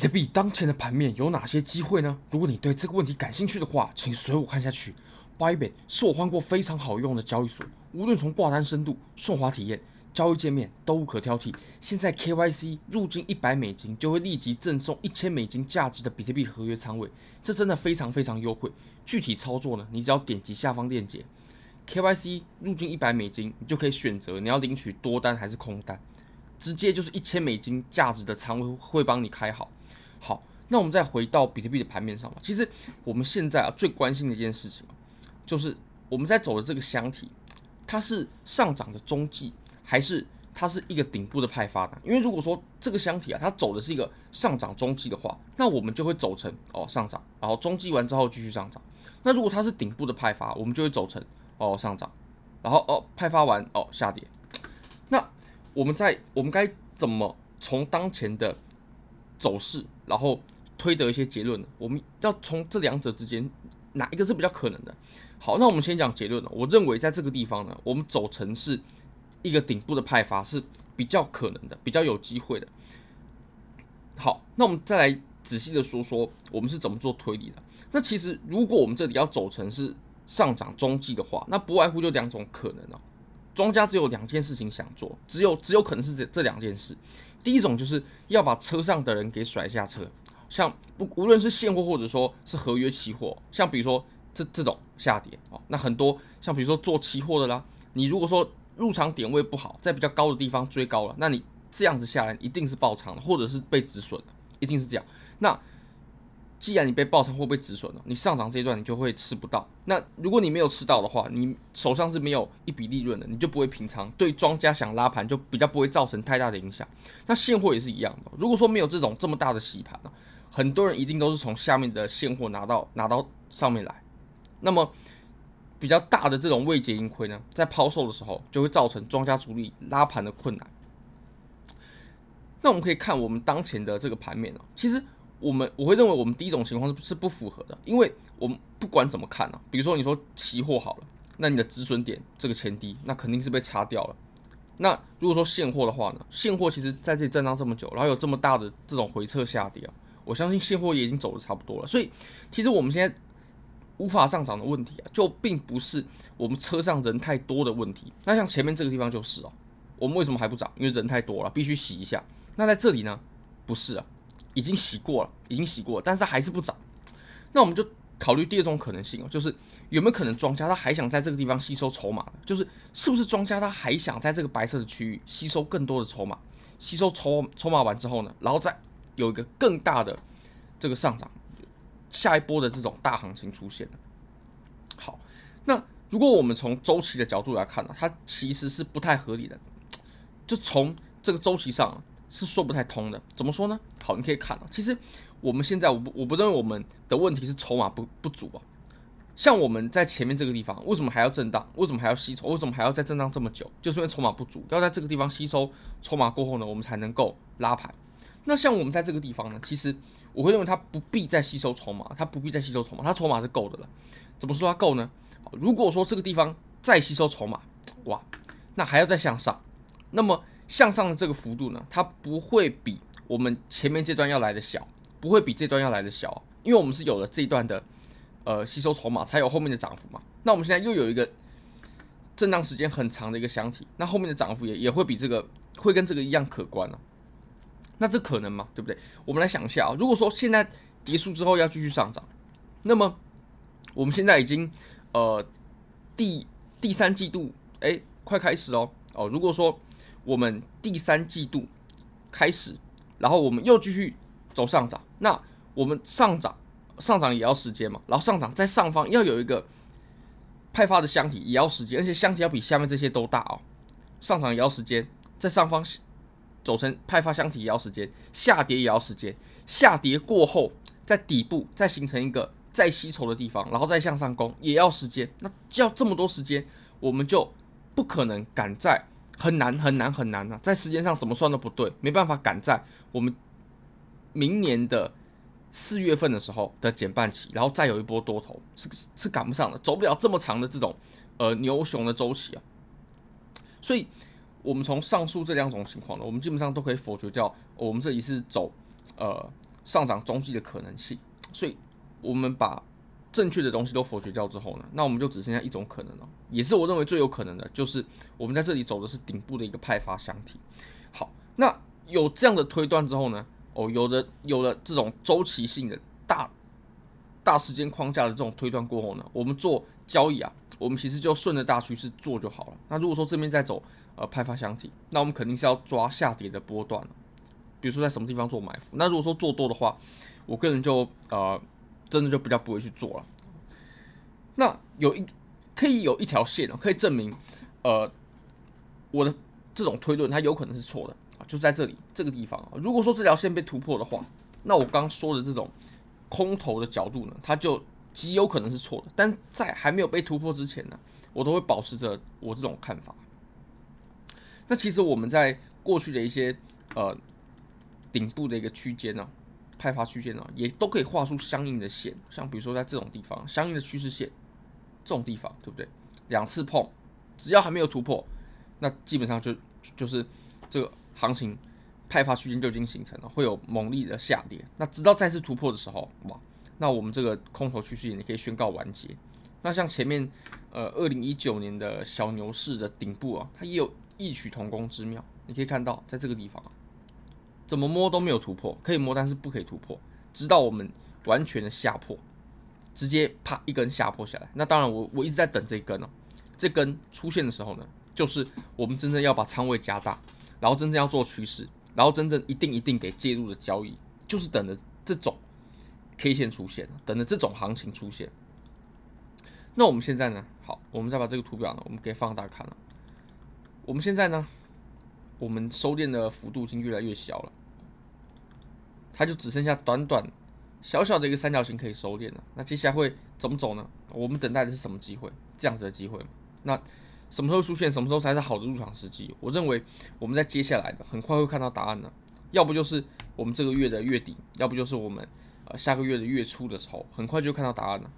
比特幣當前的盤面有哪些機會呢？如果你對這個問題感興趣的話，請隨我看下去。Bybit 是我換過非常好用的交易所，無論從掛單深度、順滑體驗、交易界面都無可挑剔。現在 KYC 入金一百美金就會立即贈送一千美金價值的比特幣合約倉位，這真的非常非常優惠。具體操作呢，你只要點擊下方鏈接，KYC 入金一百美金，你就可以選擇你要領取多單還是空單，直接就是一千美金價值的倉位會幫你開好。好，那我們再回到比特幣的盤面上吧。其實我們現在啊最關心的一件事情，就是我們在走的這個箱體，它是上漲的中繼，還是它是一個頂部的派發呢？因為如果說這個箱體啊，它走的是一個上漲中繼的話，那我們就會走成哦上漲，然後中繼完之後繼續上漲。那如果它是頂部的派發，我們就會走成哦上漲，然後哦派發完哦下跌。那我們在我們該怎麼從當前的？走勢，然後推得一些結論的，我們要從這兩者之間，哪一個是比較可能的。好，那我們先講結論了，我認為在這個地方呢，我們走成是一個頂部的派發是比較可能的，比較有機會的。好，那我們再來仔細的說說我們是怎麼做推理的。那其實如果我們這裡要走成是上漲中繼的話，那不外乎就兩種可能哦。莊家只有兩件事情想做，只有只有可能是這這兩件事。第一種就是要把車上的人給甩下車，像不無論是現貨或者說是合約期貨，像比如說這這種下跌啊，那很多像比如說做期貨的啦，你如果說入場點位不好，在比較高的地方追高了，那你這樣子下來一定是爆倉，或者是被止損，一定是這樣。那既然你被爆倉或被止損了，你上漲這一段你就會吃不到。那如果你沒有吃到的話，你手上是沒有一筆利潤的，你就不會平倉。對莊家想拉盤就比較不會造成太大的影響。那現貨也是一樣的，如果說沒有這種這麼大的洗盤，很多人一定都是從下面的現貨拿到拿到上面來。那麼比較大的這種未結盈虧呢，在拋售的時候就會造成莊家主力拉盤的困難。那我們可以看我們當前的這個盤面，其實。我們我會認為我們第一種情況是不符合的，因為我們不管怎麼看啊，比如說你說期貨好了，那你的止損點這個前低，那肯定是被擦掉了。那如果說現貨的話呢，現貨其實在這裡震盪這麼久，然後有這麼大的這種回撤下跌啊，我相信現貨也已經走得差不多了。所以其實我們現在無法上漲的問題啊，就並不是我們車上人太多的問題。那像前面這個地方就是哦、啊，我們為什麼還不漲？因為人太多了，必須洗一下。那在這裡呢，不是啊。已經洗過了，已經洗過了，但是還是不漲，那我們就考慮第二種可能性哦，就是有沒有可能莊家他還想在這個地方吸收籌碼，就是是不是莊家他還想在這個白色的區域吸收更多的籌碼，吸收籌籌碼完之後呢，然後再有一個更大的這個上漲，下一波的這種大行情出現。好，那如果我們從週期的角度來看呢，啊，它其實是不太合理的，就從這個週期上啊。是說不太通的，怎麼說呢？好，你可以看哦。其實我們現在我不，我我不認為我們的問題是籌碼不不足啊。像我們在前面這個地方，為什麼還要震盪？為什麼還要吸籌？為什麼還要再震盪這麼久？就是因為籌碼不足，要在這個地方吸收籌碼過後呢，我們才能夠拉盤。那像我們在這個地方呢，其實我會認為它不必再吸收籌碼，它不必再吸收籌碼，它籌碼是夠的了。怎麼說它夠呢？好，如果說這個地方再吸收籌碼，哇，那還要再向上，那麼。向上的這個幅度呢，它不會比我們前面這段要來的小，不會比這段要來的小、啊，因為我們是有了這一段的呃吸收籌碼，才有後面的漲幅嘛。那我們現在又有一個震盪時間很長的一個箱體，那後面的漲幅也也會比這個會跟這個一樣可觀啊？那這可能嗎？對不對？我們來想一下啊，如果說現在結束之後要繼續上漲，那麼我們現在已經呃第第三季度，哎、欸，快開始哦哦、呃，如果說我們第三季度開始，然後我們又繼續走上漲，那我們上漲上漲也要時間嘛，然後上漲在上方要有一個派發的箱體也要時間，而且箱體要比下面這些都大哦。上漲也要時間，在上方走成派發箱體也要時間，下跌也要時間，下跌過後在底部再形成一個再吸籌的地方，然後再向上攻也要時間。那就要這麼多時間，我們就不可能趕在。很難很難很難啊，在時間上怎麼算都不對，沒辦法趕在我們明年的四月份的時候的減半期，然後再有一波多頭，是是趕不上的，走不了這麼長的這種呃牛熊的週期啊。所以，我們從上述這兩種情況呢，我們基本上都可以否決掉我們這裡是走呃上漲中繼的可能性。所以我們把。正確的東西都否決掉之後呢，那我們就只剩下一種可能了。也是我認為最有可能的，就是我們在這裡走的是頂部的一個派發箱體。好，那有這樣的推斷之後呢，哦，有的有了這種週期性的大大時間框架的這種推斷過後呢，我們做交易啊，我們其實就順着大趨勢做就好了。那如果說這邊在走呃派發箱體，那我們肯定是要抓下跌的波段了。比如說在什麼地方做埋伏？那如果說做多的話，我個人就呃。真的就比較不會去做了。那有一可以有一條線哦，可以證明，呃，我的這種推論它有可能是錯的，就在這裡，這個地方啊。如果說這條線被突破的話，那我剛說的這種空頭的角度呢，它就極有可能是錯的。但在還沒有被突破之前呢，我都會保持着我這種看法。那其實我們在過去的一些呃頂部的一個區間呢。派發區間呢，也都可以畫出相應的線，像比如說在這種地方，相應的趨勢線，這種地方對不對？兩次碰，只要還沒有突破，那基本上就就是這個行情派發區間就已經形成了，會有猛烈的下跌。那直到再次突破的時候，哇，那我們這個空頭趨勢線也可以宣告完結。那像前面呃二零一九年的小牛市的頂部啊，它也有異曲同工之妙。你可以看到在這個地方啊。怎麼摸都沒有突破，可以摸，但是不可以突破，直到我們完全的下破，直接啪一根下破下來。那當然我，我我一直在等這一根哦，這根出現的時候呢，就是我們真正要把倉位加大，然後真正要做趨勢，然後真正一定一定給介入的交易，就是等着這種 K 線出現，等着這種行情出現。那我們現在呢？好，我們再把這個圖表呢，我們給放大看了，我們現在呢？我們收斂的幅度已經越來越小了，它就只剩下短短小小的一個三角形可以收斂了。那接下來會怎麼走呢？我們等待的是什麼機會？這樣子的機會。那什麼時候出現？什麼時候才是好的入場時機？我認為我們在接下來的很快會看到答案了。要不就是我們這個月的月底，要不就是我們呃下個月的月初的時候，很快就看到答案了。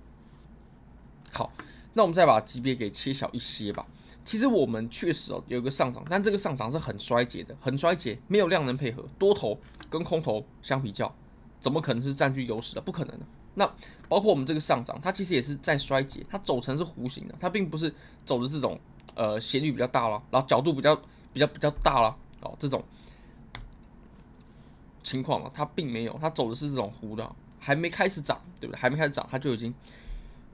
好，那我們再把級別給切小一些吧。其實我們確實哦有一個上漲，但這個上漲是很衰竭的，很衰竭，沒有量能配合，多頭跟空頭相比較，怎麼可能是占據優勢的？不可能的。那包括我們這個上漲，它其實也是在衰竭，它走成是弧形的，它並不是走的這種呃斜率比較大了，然後角度比較比較比較大了哦這種情況嘛，它並沒有，它走的是這種弧的，還沒開始漲，對不對？還沒開始漲，它就已經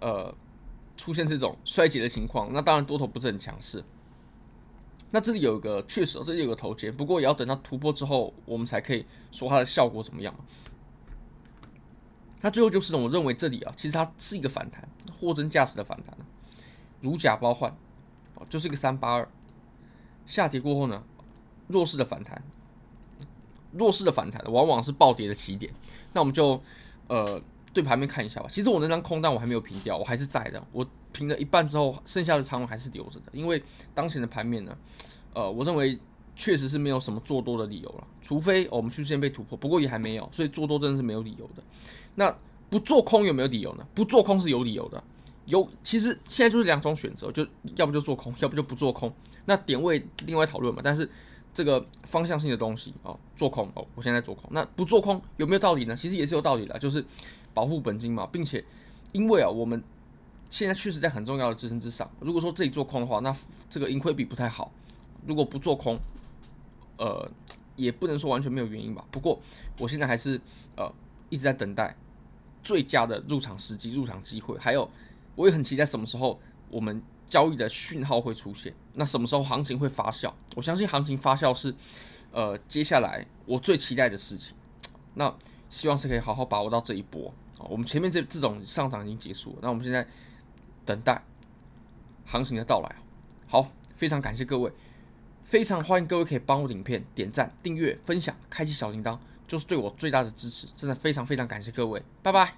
呃。出現這種衰竭的情況，那當然多頭不是很強勢。那這裡有一個確實、哦，這裡有一個頭肩，不過也要等到突破之後，我們才可以說它的效果怎麼樣。它最後就是，我認為這裡啊，其實它是一個反彈，貨真價實的反彈，如假包換，就是一個三八二下跌過後呢，弱勢的反彈，弱勢的反彈往往是暴跌的起點。那我們就，呃。對盤面看一下吧。其實我的那張空單我還沒有平掉，我還是在的。我平了一半之後，剩下的倉位還是留着的。因為當前的盤面呢，呃，我認為確實是沒有什麼做多的理由了，除非、哦、我們均線被突破，不過也還沒有，所以做多真的是沒有理由的。那不做空有沒有理由呢？不做空是有理由的。有，其實現在就是兩種選擇，就要不就做空，要不就不做空。那點位另外討論嘛。但是。這個方向性的東西啊、哦，做空哦，我現在、在做空。那不做空有沒有道理呢？其實也是有道理的，就是保護本金嘛，並且因為啊、哦，我們現在確實在很重要的支撐之上。如果說這裡做空的話，那這個盈虧比不太好。如果不做空，呃，也不能說完全沒有原因吧。不過我現在還是呃一直在等待最佳的入場時機、入場機會，還有我也很期待什麼時候我們，交易的訊號會出現，那什麼時候行情會發酵？我相信行情發酵是，呃，接下來我最期待的事情。那希望是可以好好把握到這一波啊。我們前面這這種上漲已經結束了，那我們現在等待行情的到來。好，非常感謝各位，非常歡迎各位可以幫我影片點讚、訂閱、分享、開啟小鈴鐺，就是對我最大的支持。真的非常非常感謝各位，拜拜。